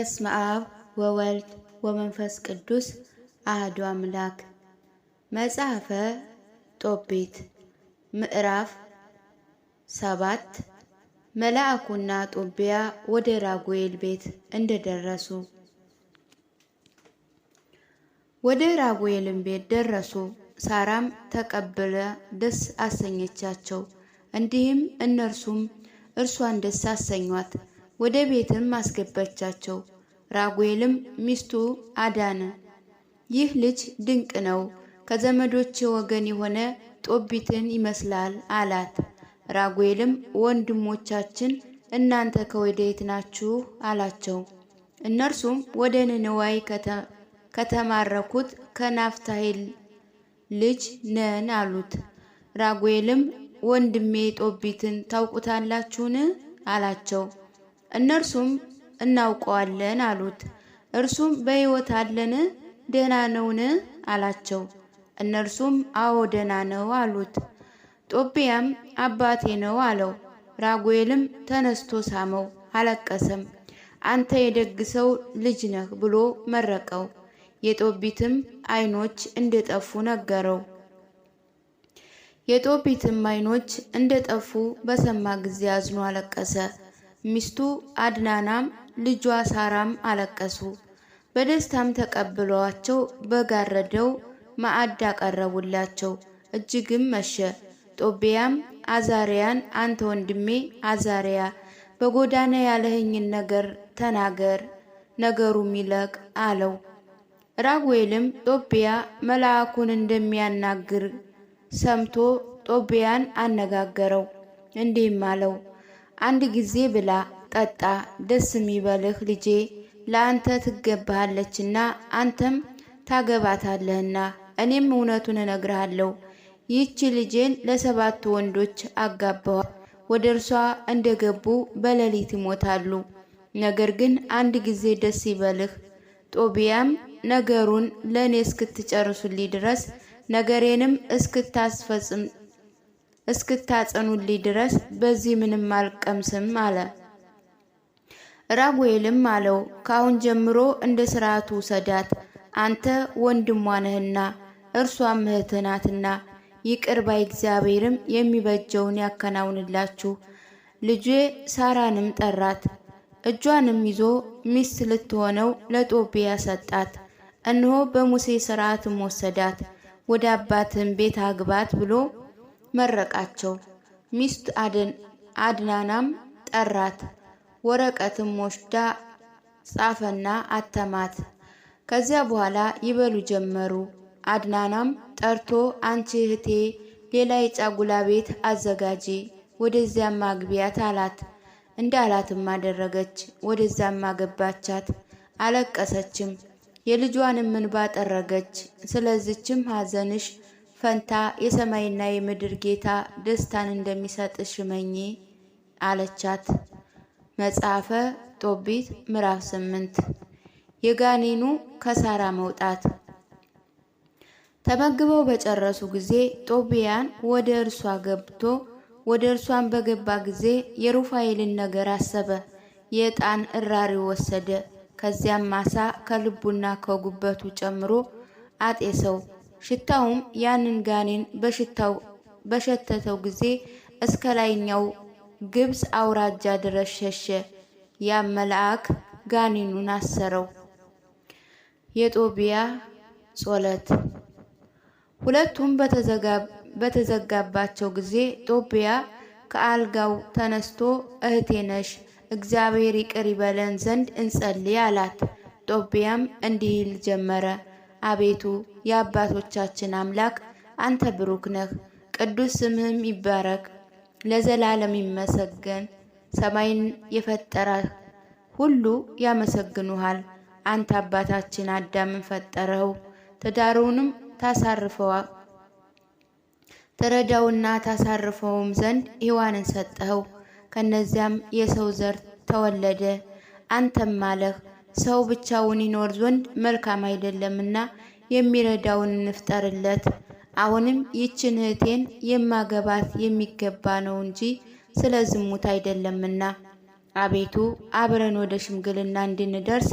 በስመ አብ ወወልድ ወመንፈስ ቅዱስ አህዱ አምላክ። መጽሐፈ ጦቢት ምዕራፍ ሰባት መልአኩና ጦቢያ ወደ ራጉኤል ቤት እንደደረሱ። ወደ ራጉኤልም ቤት ደረሱ። ሳራም ተቀብለ ደስ አሰኘቻቸው። እንዲህም እነርሱም እርሷን ደስ አሰኟት። ወደ ቤትም አስገባቻቸው። ራጉኤልም ሚስቱ አዳነ፣ ይህ ልጅ ድንቅ ነው፣ ከዘመዶች ወገን የሆነ ጦቢትን ይመስላል አላት። ራጉኤልም ወንድሞቻችን እናንተ ከወዴት ናችሁ አላቸው። እነርሱም ወደ ንንዋይ ከተማረኩት ከናፍታሄል ልጅ ነን አሉት። ራጉኤልም ወንድሜ ጦቢትን ታውቁታላችሁን? አላቸው። እነርሱም እናውቀዋለን አሉት። እርሱም በሕይወት አለን ደህና ነውን አላቸው። እነርሱም አዎ ደህና ነው አሉት። ጦቢያም አባቴ ነው አለው። ራጉኤልም ተነስቶ ሳመው፣ አለቀሰም። አንተ የደግ ሰው ልጅ ነህ ብሎ መረቀው። የጦቢትም ዓይኖች እንደጠፉ ነገረው። የጦቢትም ዓይኖች እንደጠፉ በሰማ ጊዜ አዝኖ አለቀሰ። ሚስቱ አድናናም ልጇ ሳራም አለቀሱ። በደስታም ተቀብለዋቸው በጋረደው ማዕድ አቀረቡላቸው። እጅግም መሸ። ጦቢያም አዛሪያን አንተ ወንድሜ አዛሪያ በጎዳና ያለህኝን ነገር ተናገር፣ ነገሩ ይለቅ አለው። ራጉኤልም ጦቢያ መልአኩን እንደሚያናግር ሰምቶ ጦቢያን አነጋገረው፣ እንዲህም አለው፦ አንድ ጊዜ ብላ ጠጣ፣ ደስ የሚበልህ ልጄ ለአንተ ትገባሃለችና አንተም ታገባታለህና እኔም እውነቱን እነግርሃለሁ። ይህች ልጄን ለሰባት ወንዶች አጋባዋል። ወደ እርሷ እንደ ገቡ በሌሊት ይሞታሉ። ነገር ግን አንድ ጊዜ ደስ ይበልህ። ጦቢያም ነገሩን ለእኔ እስክትጨርሱልኝ ድረስ ነገሬንም እስክታስፈጽም እስክታጸኑልኝ ድረስ በዚህ ምንም አልቀምስም አለ። ራጉኤልም አለው ካሁን ጀምሮ እንደ ስርዓቱ ውሰዳት፣ አንተ ወንድሟ ነህና እርሷም እህትህ ናትና። ይቅር ባይ እግዚአብሔርም የሚበጀውን ያከናውንላችሁ። ልጄ ሳራንም ጠራት፣ እጇንም ይዞ ሚስት ልትሆነው ለጦቢያ ሰጣት። እነሆ በሙሴ ስርዓትም ወሰዳት፣ ወደ አባትህም ቤት አግባት ብሎ መረቃቸው። ሚስት አድናናም ጠራት። ወረቀትም ወስዳ ጻፈና አተማት። ከዚያ በኋላ ይበሉ ጀመሩ። አድናናም ጠርቶ አንቺ እህቴ ሌላ የጫጉላ ቤት አዘጋጂ፣ ወደዚያም ማግቢያት አላት። እንደ አላትም አደረገች። ወደዚያም አገባቻት። አለቀሰችም፣ የልጇንም እንባ ጠረገች። ስለዚችም ሐዘንሽ ፈንታ የሰማይና የምድር ጌታ ደስታን እንደሚሰጥ ሽመኝ አለቻት። መጽሐፈ ጦቢት ምዕራፍ ስምንት የጋኔኑ ከሳራ መውጣት። ተመግበው በጨረሱ ጊዜ ጦቢያን ወደ እርሷ ገብቶ ወደ እርሷን በገባ ጊዜ የሩፋኤልን ነገር አሰበ። የዕጣን እራሪ ወሰደ። ከዚያም ማሳ ከልቡና ከጉበቱ ጨምሮ አጤሰው። ሽታውም ያንን ጋኔን በሽታው በሸተተው ጊዜ እስከ ላይኛው ግብፅ አውራጃ ድረስ ሸሸ። ያ መልአክ ጋኔኑን አሰረው። የጦቢያ ጾለት ሁለቱም በተዘጋባቸው ጊዜ ጦቢያ ከአልጋው ተነስቶ እህቴ ነሽ፣ እግዚአብሔር ይቅር ይበለን ዘንድ እንጸልይ አላት። ጦቢያም እንዲህ ይል ጀመረ። አቤቱ የአባቶቻችን አምላክ አንተ ብሩክ ነህ፣ ቅዱስ ስምህም ይባረክ ለዘላለም ይመሰገን። ሰማይን የፈጠረ ሁሉ ያመሰግኑሃል። አንተ አባታችን አዳምን ፈጠረው፣ ትዳሩንም ታሳርፈዋ ትረዳውና ታሳርፈውም ዘንድ ሔዋንን ሰጠኸው። ከነዚያም የሰው ዘር ተወለደ። አንተም አለህ ሰው ብቻውን ይኖር ዘንድ መልካም አይደለምና የሚረዳውን እንፍጠርለት። አሁንም ይችን እህቴን የማገባት የሚገባ ነው እንጂ ስለ ዝሙት አይደለምና፣ አቤቱ አብረን ወደ ሽምግልና እንድንደርስ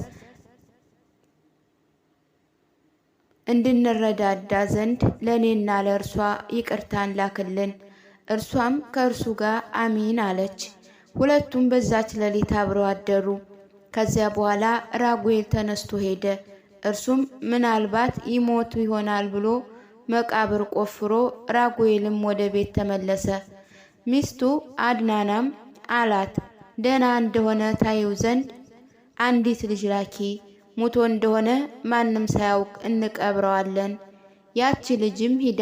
እንድንረዳዳ ዘንድ ለእኔና ለእርሷ ይቅርታን ላክልን። እርሷም ከእርሱ ጋር አሚን አለች። ሁለቱም በዛች ሌሊት አብረው አደሩ። ከዚያ በኋላ ራጉኤል ተነስቶ ሄደ። እርሱም ምናልባት ይሞቱ ይሆናል ብሎ መቃብር ቆፍሮ ራጉኤልም ወደ ቤት ተመለሰ። ሚስቱ አድናናም አላት ደህና እንደሆነ ታየው ዘንድ አንዲት ልጅ ላኪ፣ ሙቶ እንደሆነ ማንም ሳያውቅ እንቀብረዋለን። ያቺ ልጅም ሂዳ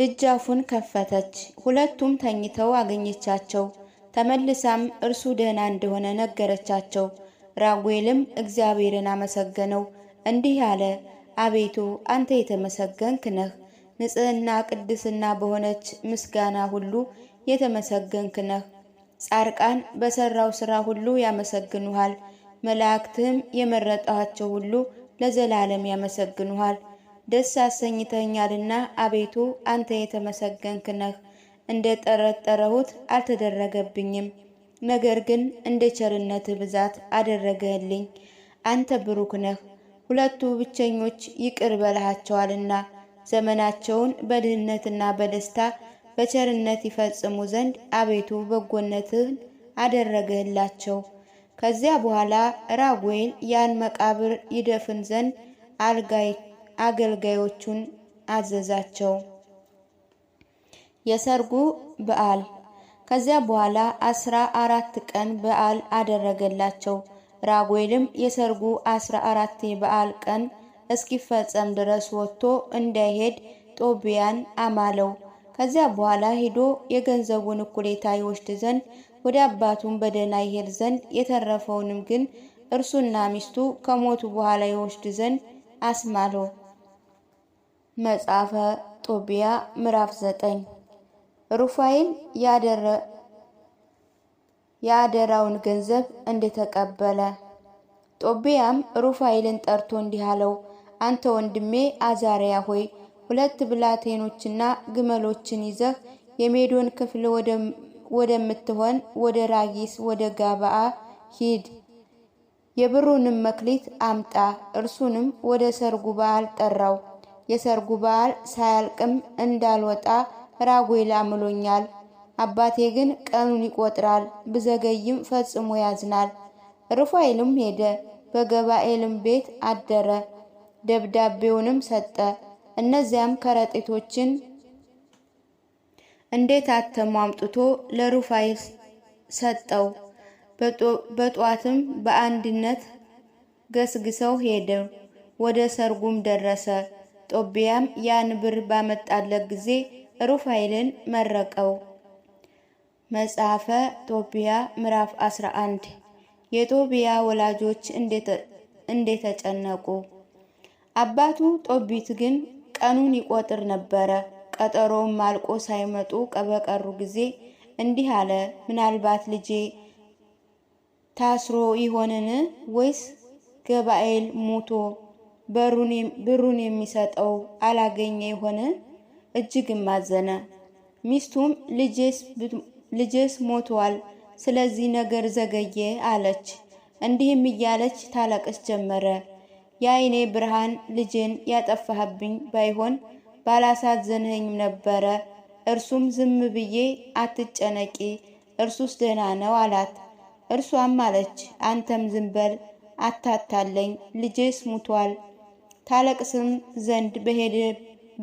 ደጃፉን ከፈተች። ሁለቱም ተኝተው አገኘቻቸው። ተመልሳም እርሱ ደህና እንደሆነ ነገረቻቸው። ራጉኤልም እግዚአብሔርን አመሰገነው፣ እንዲህ አለ፣ አቤቱ አንተ የተመሰገንክ ነህ፣ ንጽህና ቅድስና በሆነች ምስጋና ሁሉ የተመሰገንክ ነህ። ጻርቃን በሰራው ሥራ ሁሉ ያመሰግኑሃል፣ መላእክትህም የመረጣቸው ሁሉ ለዘላለም ያመሰግኑሃል። ደስ አሰኝተኛልና አቤቱ አንተ የተመሰገንክ ነህ። እንደጠረጠረሁት አልተደረገብኝም። ነገር ግን እንደ ቸርነት ብዛት አደረገህልኝ። አንተ ብሩክ ነህ። ሁለቱ ብቸኞች ይቅር በልሃቸዋልና ዘመናቸውን በድህነትና በደስታ በቸርነት ይፈጽሙ ዘንድ አቤቱ በጎነትህን አደረገህላቸው። ከዚያ በኋላ ራጉኤል ያን መቃብር ይደፍን ዘንድ አገልጋዮቹን አዘዛቸው። የሰርጉ በዓል። ከዚያ በኋላ አስራ አራት ቀን በዓል አደረገላቸው። ራጉኤልም የሰርጉ አስራ አራት የበዓል ቀን እስኪፈጸም ድረስ ወጥቶ እንዳይሄድ ጦቢያን አማለው። ከዚያ በኋላ ሄዶ የገንዘቡን እኩሌታ ይወስድ ዘንድ ወደ አባቱን በደህና ይሄድ ዘንድ የተረፈውንም ግን እርሱና ሚስቱ ከሞቱ በኋላ ይወስድ ዘንድ አስማለው። መጽሐፈ ጦቢያ ምዕራፍ ዘጠኝ ሩፋኤል የአደራውን ገንዘብ እንደተቀበለ ጦቢያም ሩፋኤልን ጠርቶ እንዲህ አለው፣ አንተ ወንድሜ አዛሪያ ሆይ ሁለት ብላቴኖችና ግመሎችን ይዘህ የሜዶን ክፍል ወደምትሆን ወደ ራጊስ ወደ ጋባአ ሂድ። የብሩንም መክሊት አምጣ። እርሱንም ወደ ሰርጉ በዓል ጠራው። የሰርጉ በዓል ሳያልቅም እንዳልወጣ ራጉኤል አምሎኛል። አባቴ ግን ቀኑን ይቆጥራል፣ ብዘገይም ፈጽሞ ያዝናል። ሩፋኤልም ሄደ፣ በገባኤልም ቤት አደረ፣ ደብዳቤውንም ሰጠ። እነዚያም ከረጢቶችን እንዴት አተሞ አምጥቶ ለሩፋኤል ሰጠው። በጧትም በአንድነት ገስግሰው ሄደ ወደ ሰርጉም ደረሰ። ጦቢያም ያን ብር ባመጣለት ጊዜ ሩፋኤልን መረቀው። መጽሐፈ ጦቢያ ምዕራፍ 11 የጦቢያ ወላጆች እንደተጨነቁ። አባቱ ጦቢት ግን ቀኑን ይቆጥር ነበረ። ቀጠሮውም አልቆ ሳይመጡ በቀሩ ጊዜ እንዲህ አለ፣ ምናልባት ልጄ ታስሮ ይሆንን? ወይስ ገባኤል ሞቶ ብሩን የሚሰጠው አላገኘ ይሆን? እጅግም አዘነ። ሚስቱም ልጄስ ሞቷል፣ ስለዚህ ነገር ዘገየ አለች። እንዲህም እያለች ታለቅስ ጀመረ። የአይኔ ብርሃን ልጄን ያጠፋህብኝ ባይሆን ባላሳዘንህኝም ነበረ። እርሱም ዝም ብዬ አትጨነቂ፣ እርሱስ ደህና ነው አላት። እርሷም አለች አንተም ዝም በል አታታለኝ፣ ልጄስ ሙቷል። ታለቅስም ዘንድ በሄደ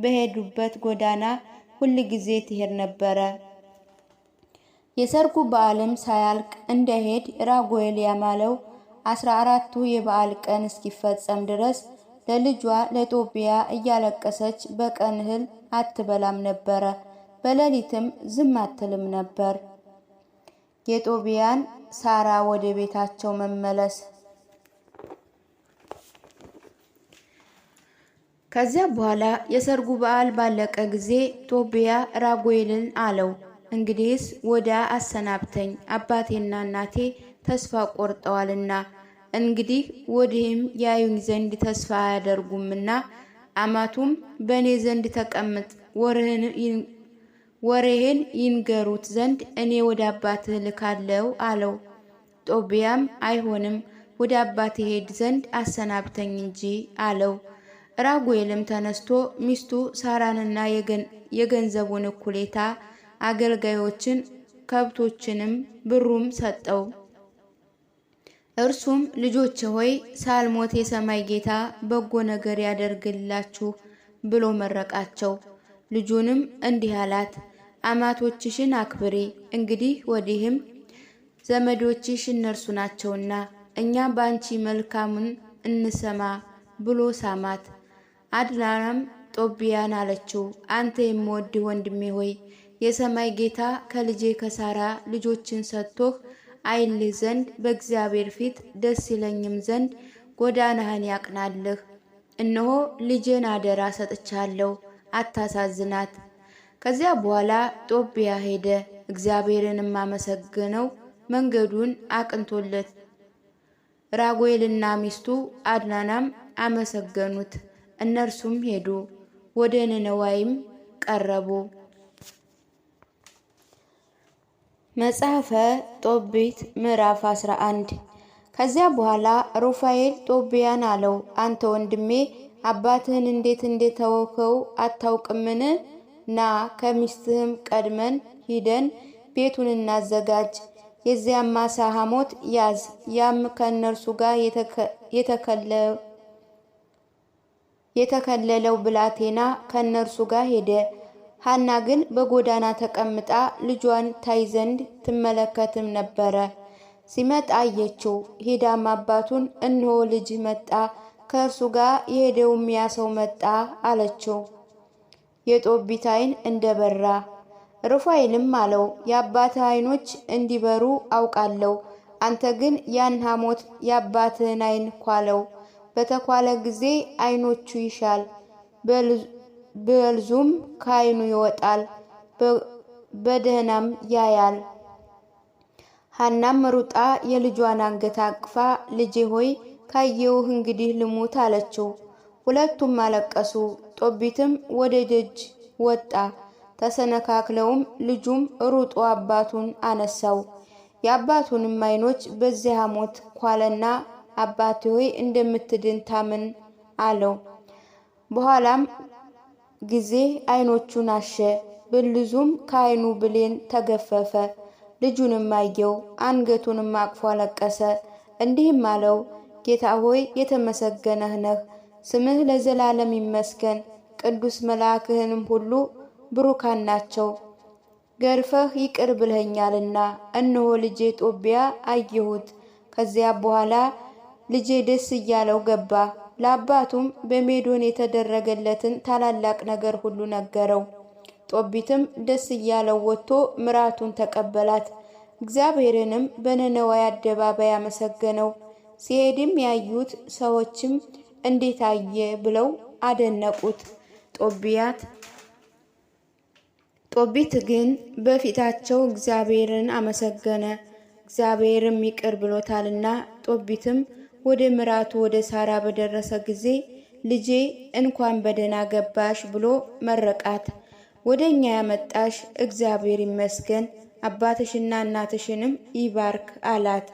በሄዱበት ጎዳና ሁል ጊዜ ትሄድ ነበረ። የሰርጉ በዓልም ሳያልቅ እንደሄድ ራጉኤል ያማለው አስራ አራቱ የበዓል ቀን እስኪፈጸም ድረስ ለልጇ ለጦቢያ እያለቀሰች በቀን እህል አትበላም ነበረ፣ በሌሊትም ዝም አትልም ነበር። የጦቢያን ሳራ ወደ ቤታቸው መመለስ ከዚያ በኋላ የሰርጉ በዓል ባለቀ ጊዜ ጦቢያ ራጉኤልን አለው፣ እንግዲህስ ወዲያ አሰናብተኝ፣ አባቴና እናቴ ተስፋ ቆርጠዋልና እንግዲህ ወዲህም ያዩኝ ዘንድ ተስፋ አያደርጉምና አማቱም በእኔ ዘንድ ተቀምጥ፣ ወሬህን ይንገሩት ዘንድ እኔ ወደ አባትህ ልካለው አለው። ጦቢያም አይሆንም፣ ወደ አባቴ ሄድ ዘንድ አሰናብተኝ እንጂ አለው። ራጉኤልም ተነስቶ ሚስቱ ሳራንና የገንዘቡን እኩሌታ አገልጋዮችን፣ ከብቶችንም ብሩም ሰጠው። እርሱም ልጆች ሆይ ሳልሞት የሰማይ ጌታ በጎ ነገር ያደርግላችሁ ብሎ መረቃቸው። ልጁንም እንዲህ አላት፣ አማቶችሽን አክብሪ፣ እንግዲህ ወዲህም ዘመዶችሽ እነርሱ ናቸውና እኛ በአንቺ መልካሙን እንሰማ ብሎ ሳማት። አድናናም ጦቢያን አለችው፣ አንተ የምወድ ወንድሜ ሆይ የሰማይ ጌታ ከልጄ ከሳራ ልጆችን ሰጥቶህ አይልህ ዘንድ በእግዚአብሔር ፊት ደስ ይለኝም ዘንድ ጎዳናህን ያቅናልህ። እነሆ ልጄን አደራ ሰጥቻለሁ፣ አታሳዝናት። ከዚያ በኋላ ጦቢያ ሄደ፣ እግዚአብሔርንም አመሰግነው መንገዱን አቅንቶለት። ራጉኤልና ሚስቱ አድናናም አመሰገኑት። እነርሱም ሄዱ፣ ወደ ነነዋይም ቀረቡ። መጽሐፈ ጦቢት ምዕራፍ 11 ከዚያ በኋላ ሩፋኤል ጦቢያን አለው፣ አንተ ወንድሜ አባትህን እንዴት እንደተወከው አታውቅምን? ና ከሚስትህም ቀድመን ሂደን ቤቱን እናዘጋጅ፣ የዚያም ማሳ ሐሞት ያዝ፣ ያም ከእነርሱ ጋር የተከለ የተከለለው ብላቴና ከእነርሱ ጋር ሄደ። ሀና ግን በጎዳና ተቀምጣ ልጇን ታይ ዘንድ ትመለከትም ነበረ። ሲመጣ አየችው። ሄዳም አባቱን እነሆ ልጅ መጣ፣ ከእርሱ ጋር የሄደውም ያ ሰው መጣ አለችው። የጦቢት አይን እንደ በራ። ሩፋኤልም አለው የአባት አይኖች እንዲበሩ አውቃለሁ፣ አንተ ግን ያን ሐሞት የአባትህን አይን ኳለው። በተኳለ ጊዜ አይኖቹ ይሻል፣ በልዙም ከአይኑ ይወጣል፣ በደህናም ያያል። ሀናም ሩጣ የልጇን አንገት አቅፋ ልጄ ሆይ ካየውህ እንግዲህ ልሙት አለችው። ሁለቱም አለቀሱ። ጦቢትም ወደ ደጅ ወጣ። ተሰነካክለውም ልጁም ሩጦ አባቱን አነሳው። የአባቱንም አይኖች በዚያ ሞት ኳለና አባቴ ሆይ እንደምትድን ታምን አለው። በኋላም ጊዜ አይኖቹን አሸ፣ ብልዙም ከአይኑ ብሌን ተገፈፈ። ልጁንም አየው፣ አንገቱንም አቅፎ አለቀሰ። እንዲህም አለው፣ ጌታ ሆይ የተመሰገነህ ነህ፣ ስምህ ለዘላለም ይመስገን። ቅዱስ መልአክህንም ሁሉ ብሩካን ናቸው፣ ገርፈህ ይቅር ብለኸኛልና። እነሆ ልጄ ጦቢያ አየሁት። ከዚያ በኋላ ልጄ ደስ እያለው ገባ። ለአባቱም በሜዶን የተደረገለትን ታላላቅ ነገር ሁሉ ነገረው። ጦቢትም ደስ እያለው ወጥቶ ምራቱን ተቀበላት። እግዚአብሔርንም በነነዋ አደባባይ አመሰገነው። ሲሄድም ያዩት ሰዎችም እንዴት አየ ብለው አደነቁት። ጦቢያት ጦቢት ግን በፊታቸው እግዚአብሔርን አመሰገነ፣ እግዚአብሔርም ይቅር ብሎታልና። ጦቢትም ወደ ምራቱ ወደ ሳራ በደረሰ ጊዜ ልጄ እንኳን በደህና ገባሽ ብሎ መረቃት። ወደ እኛ ያመጣሽ እግዚአብሔር ይመስገን፣ አባትሽና እናትሽንም ይባርክ አላት።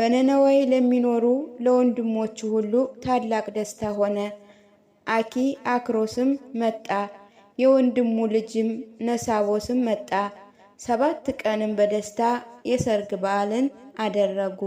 በነነዌ ለሚኖሩ ለወንድሞቹ ሁሉ ታላቅ ደስታ ሆነ። አኪ አክሮስም መጣ፣ የወንድሙ ልጅም ነሳቦስም መጣ። ሰባት ቀንም በደስታ የሰርግ በዓልን አደረጉ።